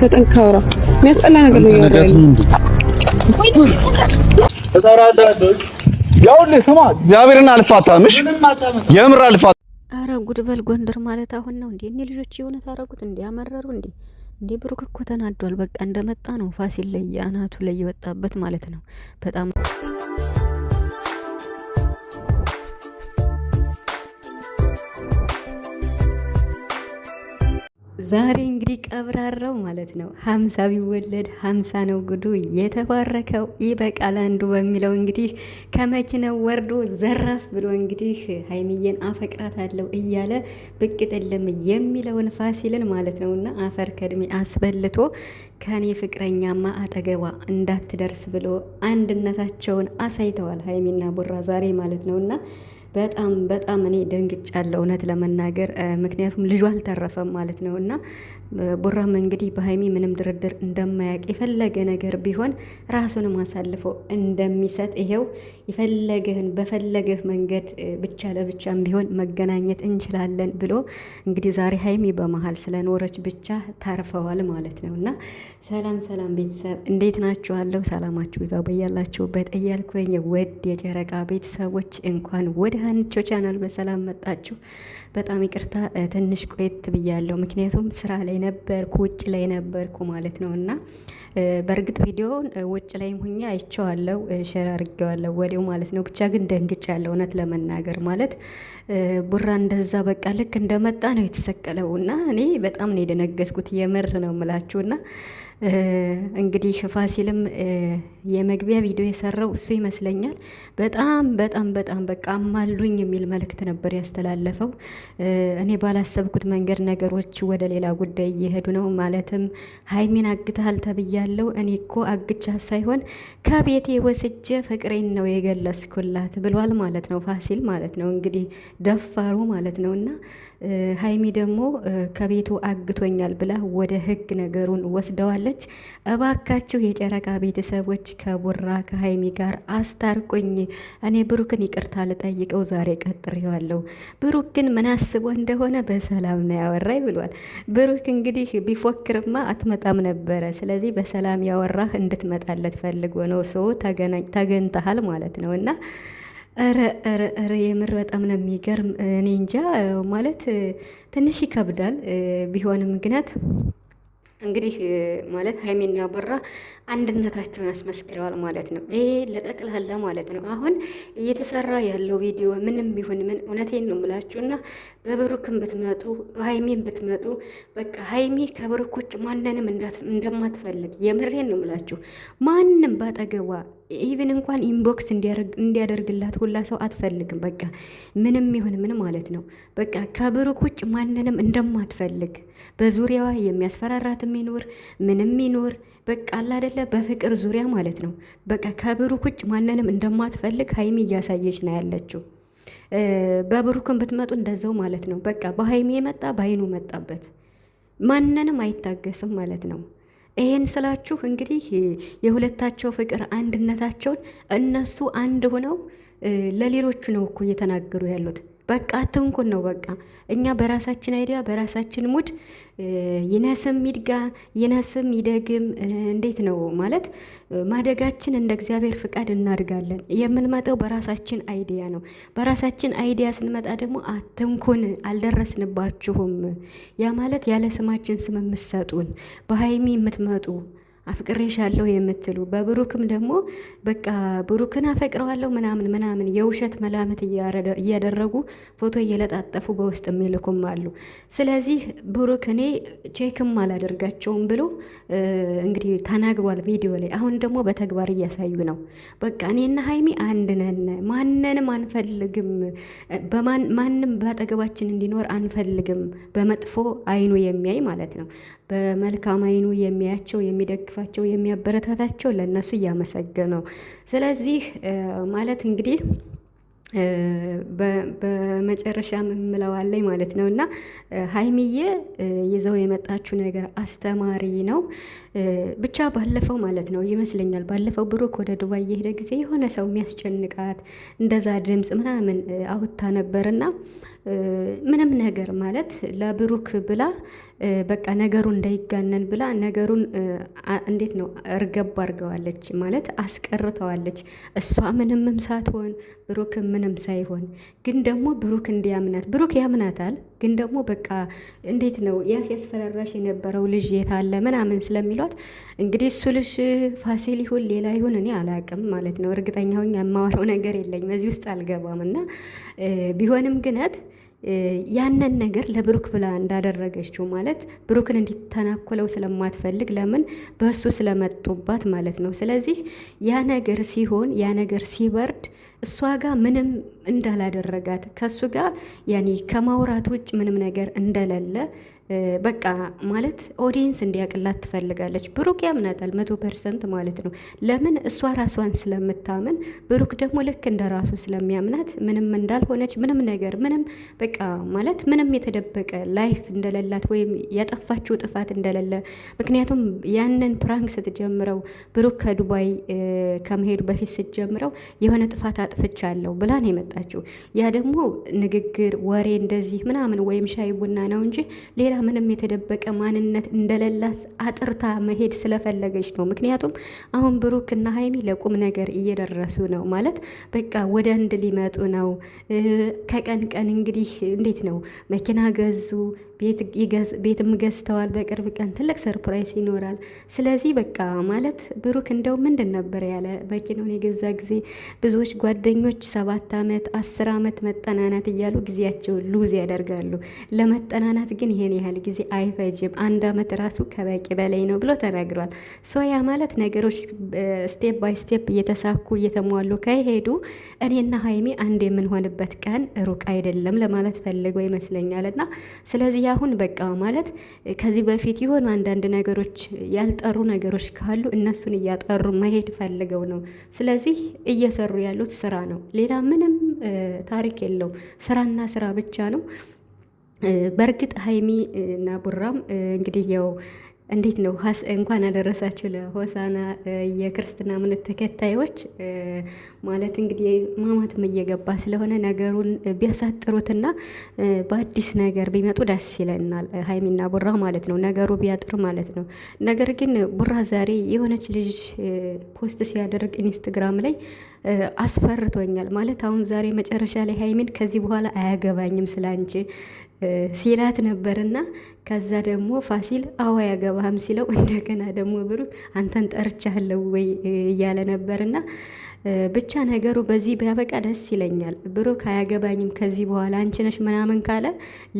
ተጠንካራ የሚያስጠላ ነገር ነው። እግዚአብሔርን አልፋታምሽ፣ የምር አልፋታ። አረ ጉድ በል ጎንደር ማለት አሁን ነው እንዴ? እኔ ልጆች የሆነ ታረጉት እንዴ? ያመረሩ እንዴ? እንዴ ብሩክ እኮ ተናዷል። በቃ እንደመጣ ነው ፋሲል ላይ አናቱ ላይ የወጣበት ማለት ነው። በጣም ዛሬ እንግዲህ ቀብራራው ማለት ነው ሀምሳ ቢወለድ ሀምሳ ነው ጉዱ የተባረከው ይበቃል አንዱ በሚለው እንግዲህ ከመኪናው ወርዶ ዘራፍ ብሎ እንግዲህ ሀይሚዬን አፈቅራት አለው እያለ ብቅ ጥልም የሚለውን ፋሲልን ማለት ነው እና አፈር ከድሜ አስበልቶ ከኔ ፍቅረኛማ አጠገቧ እንዳትደርስ ብሎ አንድነታቸውን አሳይተዋል ሀይሚና ቡራ ዛሬ ማለት ነው እና በጣም በጣም እኔ ደንግጫለሁ እውነት ለመናገር ምክንያቱም ልጇ አልተረፈም ማለት ነው እና ቡራም እንግዲህ በሀይሚ ምንም ድርድር እንደማያውቅ የፈለገ ነገር ቢሆን ራሱንም አሳልፎ እንደሚሰጥ ይሄው የፈለገህን በፈለገህ መንገድ ብቻ ለብቻም ቢሆን መገናኘት እንችላለን ብሎ እንግዲህ ዛሬ ሀይሚ በመሀል ስለኖረች ብቻ ታርፈዋል ማለት ነው። እና ሰላም ሰላም ቤተሰብ እንዴት ናችኋለሁ? ሰላማችሁ ይዛው በያላችሁበት እያልኩኝ ወድ የጨረቃ ቤተሰቦች እንኳን ወደ ሀንቾ ቻናል በሰላም መጣችሁ። በጣም ይቅርታ ትንሽ ቆየት ብያለሁ፣ ምክንያቱም ስራ ላይ ላይ ነበርኩ፣ ውጭ ላይ ነበርኩ ማለት ነው እና በእርግጥ ቪዲዮውን ውጭ ላይም ሁኜ አይቼዋለሁ፣ ሼር አድርጌዋለሁ ወዲው ማለት ነው። ብቻ ግን ደንግጫለሁ፣ እውነት ለመናገር ማለት ቡራ እንደዛ በቃ ልክ እንደመጣ ነው የተሰቀለው እና እኔ በጣም ነው የደነገጥኩት፣ የምር ነው የምላችሁ እና እንግዲህ ፋሲልም የመግቢያ ቪዲዮ የሰራው እሱ ይመስለኛል። በጣም በጣም በጣም በቃ አማሉኝ የሚል መልእክት ነበር ያስተላለፈው። እኔ ባላሰብኩት መንገድ ነገሮች ወደ ሌላ ጉዳይ እየሄዱ ነው። ማለትም ሀይሚን አግተሃል ተብያለው። እኔ እኮ አግቻ ሳይሆን ከቤቴ ወስጄ ፍቅሬን ነው የገለስኩላት ብሏል ማለት ነው። ፋሲል ማለት ነው እንግዲህ ደፋሩ ማለት ነው እና ሀይሚ ደግሞ ከቤቱ አግቶኛል ብላ ወደ ህግ ነገሩን ወስደዋለች። እባካችሁ የጨረቃ ቤተሰቦች ከቡራ ከሀይሚ ጋር አስታርቁኝ። እኔ ብሩክን ይቅርታ ልጠይቀው ዛሬ ቀጥሬዋለሁ። ብሩክ ግን ምን አስቦ እንደሆነ በሰላም ነው ያወራኝ ብሏል። ብሩክ እንግዲህ ቢፎክርማ አትመጣም ነበረ። ስለዚህ በሰላም ያወራህ እንድትመጣለት ፈልጎ ነው ሰው ተገንተሃል ማለት ነው እና ኧረ ኧረ ኧረ የምር በጣም ነው የሚገርም። እኔ እንጃ ማለት ትንሽ ይከብዳል ቢሆንም ምክንያት እንግዲህ ማለት ሀይሜና ብራ አንድነታቸውን አስመስክረዋል ማለት ነው። ይሄ ለጠቅላላ ማለት ነው አሁን እየተሰራ ያለው ቪዲዮ ምንም ይሁን ምን እውነቴን ነው የምላችሁና በብሩክም ብትመጡ በሀይሜን ብትመጡ በቃ ሀይሜ ከብሩክ ውጭ ማንንም እንደማትፈልግ የምሬን ነው የምላችሁ ማንም ባጠገቧ ኢቨን እንኳን ኢንቦክስ እንዲያደርግላት ሁላ ሰው አትፈልግም። በቃ ምንም ይሁን ምን ማለት ነው። በቃ ከብሩክ ውጭ ማንንም እንደማትፈልግ በዙሪያዋ የሚያስፈራራት ይኑር ምንም ይኑር በቃ አላደለ በፍቅር ዙሪያ ማለት ነው። በቃ ከብሩክ ውጭ ማንንም እንደማትፈልግ ሀይሚ እያሳየች ነው ያለችው። በብሩክን ብትመጡ እንደዛው ማለት ነው። በቃ በሀይሚ የመጣ በአይኑ መጣበት ማንንም አይታገስም ማለት ነው። ይሄን ስላችሁ እንግዲህ የሁለታቸው ፍቅር አንድነታቸውን እነሱ አንድ ሆነው ለሌሎቹ ነው እኮ እየተናገሩ ያሉት። በቃ አትንኩን ነው በቃ እኛ በራሳችን አይዲያ በራሳችን ሙድ ይነስም ይድጋ ይነስም ይደግም እንዴት ነው ማለት ማደጋችን እንደ እግዚአብሔር ፍቃድ እናድጋለን። የምንመጣው በራሳችን አይዲያ ነው። በራሳችን አይዲያ ስንመጣ ደግሞ አትንኩን፣ አልደረስንባችሁም። ያ ማለት ያለ ስማችን ስም የምትሰጡን በሀይሚ የምትመጡ አፍቅሬሻለሁ የምትሉ በብሩክም ደግሞ በቃ ብሩክን አፈቅረዋለሁ ምናምን ምናምን የውሸት መላምት እያደረጉ ፎቶ እየለጣጠፉ በውስጥ የሚልኩም አሉ። ስለዚህ ብሩክ እኔ ቼክም አላደርጋቸውም ብሎ እንግዲህ ተናግሯል ቪዲዮ ላይ። አሁን ደግሞ በተግባር እያሳዩ ነው። በቃ እኔና ሀይሚ አንድ ነን፣ ማንንም አንፈልግም፣ ማንም በአጠገባችን እንዲኖር አንፈልግም። በመጥፎ አይኑ የሚያይ ማለት ነው፣ በመልካም አይኑ የሚያቸው የሚደግፍ የሚደግፋቸው የሚያበረታታቸው ለእነሱ እያመሰገነው ስለዚህ ማለት እንግዲህ በመጨረሻ ምምለዋለኝ ማለት ነው እና ሀይሚዬ ይዘው የመጣችው ነገር አስተማሪ ነው። ብቻ ባለፈው ማለት ነው ይመስለኛል ባለፈው ብሩክ ወደ ዱባይ የሄደ ጊዜ የሆነ ሰው የሚያስጨንቃት እንደዛ ድምፅ ምናምን አውታ ነበርና ምንም ነገር ማለት ለብሩክ ብላ በቃ ነገሩ እንዳይጋነን ብላ ነገሩን እንዴት ነው እርገባ አድርገዋለች ማለት አስቀርተዋለች። እሷ ምንምም ሳትሆን ብሩክ ምንም ሳይሆን ግን ደግሞ ብሩክ እንዲያምናት ብሩክ ያምናታል። ግን ደግሞ በቃ እንዴት ነው ያስ ያስፈራራሽ የነበረው ልጅ የታለ ምናምን ስለሚሏት እንግዲህ እሱ ልጅ ፋሲል ይሁን ሌላ ይሁን እኔ አላቅም ማለት ነው። እርግጠኛ ሆኜ የማወራው ነገር የለኝም እዚህ ውስጥ አልገባም እና ቢሆንም ግነት ያንን ነገር ለብሩክ ብላ እንዳደረገችው ማለት ብሩክን እንዲተናኮለው ስለማትፈልግ ለምን በእሱ ስለመጡባት ማለት ነው። ስለዚህ ያ ነገር ሲሆን ያ ነገር ሲበርድ እሷ ጋር ምንም እንዳላደረጋት ከእሱ ጋር ያኔ ከማውራት ውጭ ምንም ነገር እንደሌለ በቃ ማለት ኦዲየንስ እንዲያቅላት ትፈልጋለች። ብሩክ ያምናታል መቶ ፐርሰንት ማለት ነው። ለምን እሷ ራሷን ስለምታምን፣ ብሩክ ደግሞ ልክ እንደ ራሱ ስለሚያምናት ምንም እንዳልሆነች ምንም ነገር ምንም በቃ ማለት ምንም የተደበቀ ላይፍ እንደሌላት ወይም ያጠፋችው ጥፋት እንደሌለ ምክንያቱም ያንን ፕራንክ ስትጀምረው ብሩክ ከዱባይ ከመሄዱ በፊት ስትጀምረው የሆነ ጥፋት አጥፍቻለሁ ብላ ነው የመጣችው። ያ ደግሞ ንግግር፣ ወሬ እንደዚህ ምናምን ወይም ሻይ ቡና ነው እንጂ ሌላ ምንም የተደበቀ ማንነት እንደሌላት አጥርታ መሄድ ስለፈለገች ነው። ምክንያቱም አሁን ብሩክ እና ሀይሚ ለቁም ነገር እየደረሱ ነው ማለት በቃ ወደ አንድ ሊመጡ ነው። ከቀን ቀን እንግዲህ እንዴት ነው መኪና ገዙ፣ ቤትም ገዝተዋል። በቅርብ ቀን ትልቅ ሰርፕራይዝ ይኖራል። ስለዚህ በቃ ማለት ብሩክ እንደው ምንድን ነበር ያለ መኪናውን የገዛ ጊዜ ብዙዎች ጓ ጓደኞች ሰባት ዓመት አስር ዓመት መጠናናት እያሉ ጊዜያቸውን ሉዝ ያደርጋሉ። ለመጠናናት ግን ይሄን ያህል ጊዜ አይፈጅም። አንድ ዓመት ራሱ ከበቂ በላይ ነው ብሎ ተናግሯል። ሶያ ያ ማለት ነገሮች ስቴፕ ባይ ስቴፕ እየተሳኩ እየተሟሉ ከሄዱ እኔና ሀይሚ አንድ የምንሆንበት ቀን ሩቅ አይደለም ለማለት ፈልገው ይመስለኛል። እና ስለዚህ አሁን በቃ ማለት ከዚህ በፊት የሆኑ አንዳንድ ነገሮች ያልጠሩ ነገሮች ካሉ እነሱን እያጠሩ መሄድ ፈልገው ነው። ስለዚህ እየሰሩ ያሉት ስራ ነው። ሌላ ምንም ታሪክ የለው ስራና ስራ ብቻ ነው። በእርግጥ ሀይሚ እና ቡራም እንግዲህ ያው እንዴት ነው እንኳን አደረሳችሁ ለሆሳና የክርስትና እምነት ተከታዮች። ማለት እንግዲህ ማማትም እየገባ ስለሆነ ነገሩን ቢያሳጥሩትና በአዲስ ነገር ቢመጡ ደስ ይለናል። ሀይሚና ቡራ ማለት ነው ነገሩ ቢያጥር ማለት ነው። ነገር ግን ቡራ ዛሬ የሆነች ልጅ ፖስት ሲያደርግ ኢንስትግራም ላይ አስፈርቶኛል ማለት አሁን ዛሬ መጨረሻ ላይ ሀይሚን ከዚህ በኋላ አያገባኝም አንቺ ሲላት ነበርና ከዛ ደግሞ ፋሲል አዋ ያገባህም ሲለው እንደገና ደግሞ ብሩክ አንተን ጠርቻለሁ ወይ እያለ ነበርና ብቻ ነገሩ በዚህ ቢያበቃ ደስ ይለኛል። ብሩክ አያገባኝም ከዚህ በኋላ አንቺ ነሽ ምናምን ካለ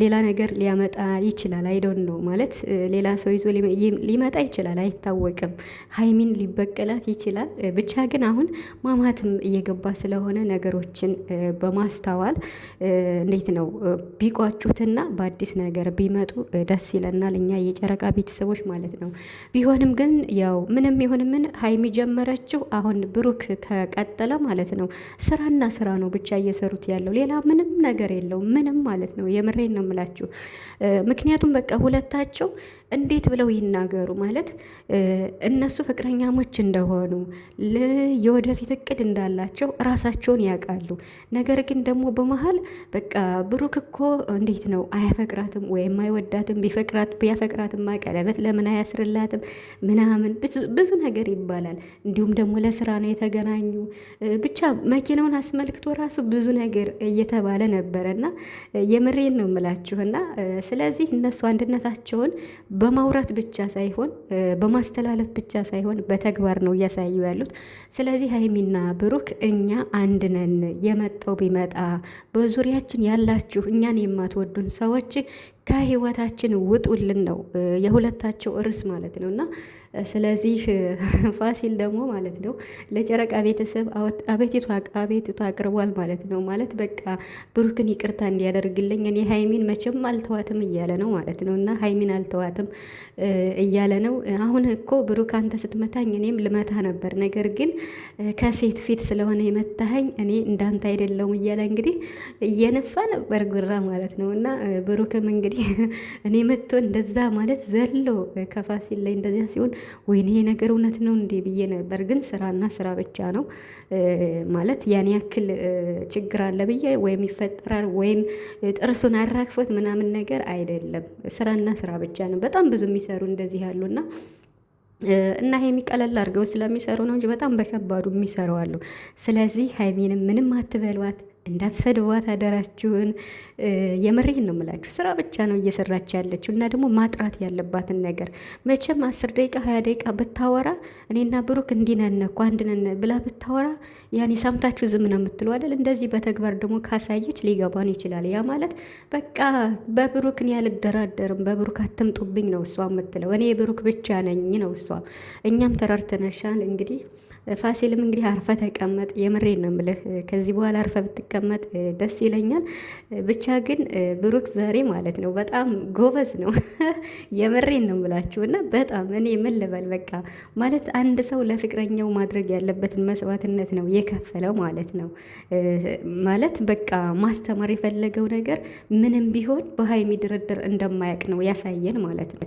ሌላ ነገር ሊያመጣ ይችላል። አይዶን ነው ማለት ሌላ ሰው ይዞ ሊመጣ ይችላል፣ አይታወቅም። ሀይሚን ሊበቀላት ይችላል። ብቻ ግን አሁን ማማትም እየገባ ስለሆነ ነገሮችን በማስተዋል እንዴት ነው ቢቋጩትና በአዲስ ነገር ቢመጡ ደስ ይለናል፣ እኛ የጨረቃ ቤተሰቦች ማለት ነው። ቢሆንም ግን ያው ምንም ይሁን ምን ሀይሚ ጀመረችው አሁን ብሩክ ቀጠለ ማለት ነው። ስራና ስራ ነው ብቻ እየሰሩት ያለው ሌላ ምንም ነገር የለው ምንም ማለት ነው። የምሬን ነው የምላችሁ። ምክንያቱም በቃ ሁለታቸው እንዴት ብለው ይናገሩ ማለት እነሱ ፍቅረኛሞች እንደሆኑ የወደፊት እቅድ እንዳላቸው ራሳቸውን ያውቃሉ። ነገር ግን ደግሞ በመሀል በቃ ብሩክ እኮ እንዴት ነው አያፈቅራትም ወይም አይወዳትም። ቢፈቅራት ቢያፈቅራትማ ቀለበት ለምን አያስርላትም ምናምን ብዙ ነገር ይባላል። እንዲሁም ደግሞ ለስራ ነው የተገናኙ ብቻ መኪናውን አስመልክቶ ራሱ ብዙ ነገር እየተባለ ነበረ እና የምሬን ነው የምላችሁ። እና ስለዚህ እነሱ አንድነታቸውን በማውራት ብቻ ሳይሆን በማስተላለፍ ብቻ ሳይሆን በተግባር ነው እያሳዩ ያሉት። ስለዚህ ሀይሚና ብሩክ እኛ አንድነን የመጣው ቢመጣ በዙሪያችን ያላችሁ እኛን የማትወዱን ሰዎች ከህይወታችን ውጡልን ነው የሁለታቸው እርስ ማለት ነው እና ስለዚህ ፋሲል ደግሞ ማለት ነው ለጨረቃ ቤተሰብ አቤቱታ አቅርቧል ማለት ነው። ማለት በቃ ብሩክን ይቅርታ እንዲያደርግልኝ እኔ ሀይሚን መቼም አልተዋትም እያለ ነው ማለት ነው። እና ሀይሚን አልተዋትም እያለ ነው። አሁን እኮ ብሩክ አንተ ስትመታኝ እኔም ልመታ ነበር፣ ነገር ግን ከሴት ፊት ስለሆነ የመታኸኝ እኔ እንዳንተ አይደለውም እያለ እንግዲህ እየነፋ ነበር ጉራ ማለት ነው። እና ብሩክም እንግዲህ እኔ መቶ እንደዛ ማለት ዘሎ ከፋሲል ላይ እንደዚያ ሲሆን ወይኔ ይሄ ነገር እውነት ነው እንዴ ብዬ ነበር። ግን ስራና ስራ ብቻ ነው ማለት ያን ያክል ችግር አለ ብዬ ወይም ይፈጠራል ወይም ጥርሱን አራክፎት ምናምን ነገር አይደለም። ስራና ስራ ብቻ ነው። በጣም ብዙ የሚሰሩ እንደዚህ ያሉና እና ሀይሚ ቀለል አድርገው ስለሚሰሩ ነው እንጂ በጣም በከባዱ የሚሰሩ አሉ። ስለዚህ ሀይሚንም ምንም አትበሏት፣ እንዳትሰድቧት አደራችሁን። የምሬን ነው የምላችሁ። ስራ ብቻ ነው እየሰራች ያለችው እና ደግሞ ማጥራት ያለባትን ነገር መቼም አስር ደቂቃ ሀያ ደቂቃ ብታወራ እኔና ብሩክ እንዲነነ እኮ አንድነን ብላ ብታወራ ያኔ ሰምታችሁ ዝም ነው የምትለው አይደል? እንደዚህ በተግባር ደግሞ ካሳየች ሊገባን ይችላል። ያ ማለት በቃ በብሩክን ያልደራደርም በብሩክ አትምጡብኝ ነው እሷ የምትለው። እኔ የብሩክ ብቻ ነኝ ነው እሷ። እኛም ተረርተነሻል እንግዲህ ፋሲልም እንግዲህ አርፈ ተቀመጥ። የምሬን ነው የምልህ። ከዚህ በኋላ አርፈ ብትቀመጥ ደስ ይለኛል ብቻ ብቻ ግን ብሩክ ዛሬ ማለት ነው በጣም ጎበዝ ነው። የምሬን ነው ምላችሁ እና በጣም እኔ ምን ልበል በቃ ማለት አንድ ሰው ለፍቅረኛው ማድረግ ያለበትን መስዋዕትነት ነው የከፈለው ማለት ነው። ማለት በቃ ማስተማር የፈለገው ነገር ምንም ቢሆን በሀይ የሚደረደር እንደማያውቅ ነው ያሳየን ማለት ነው።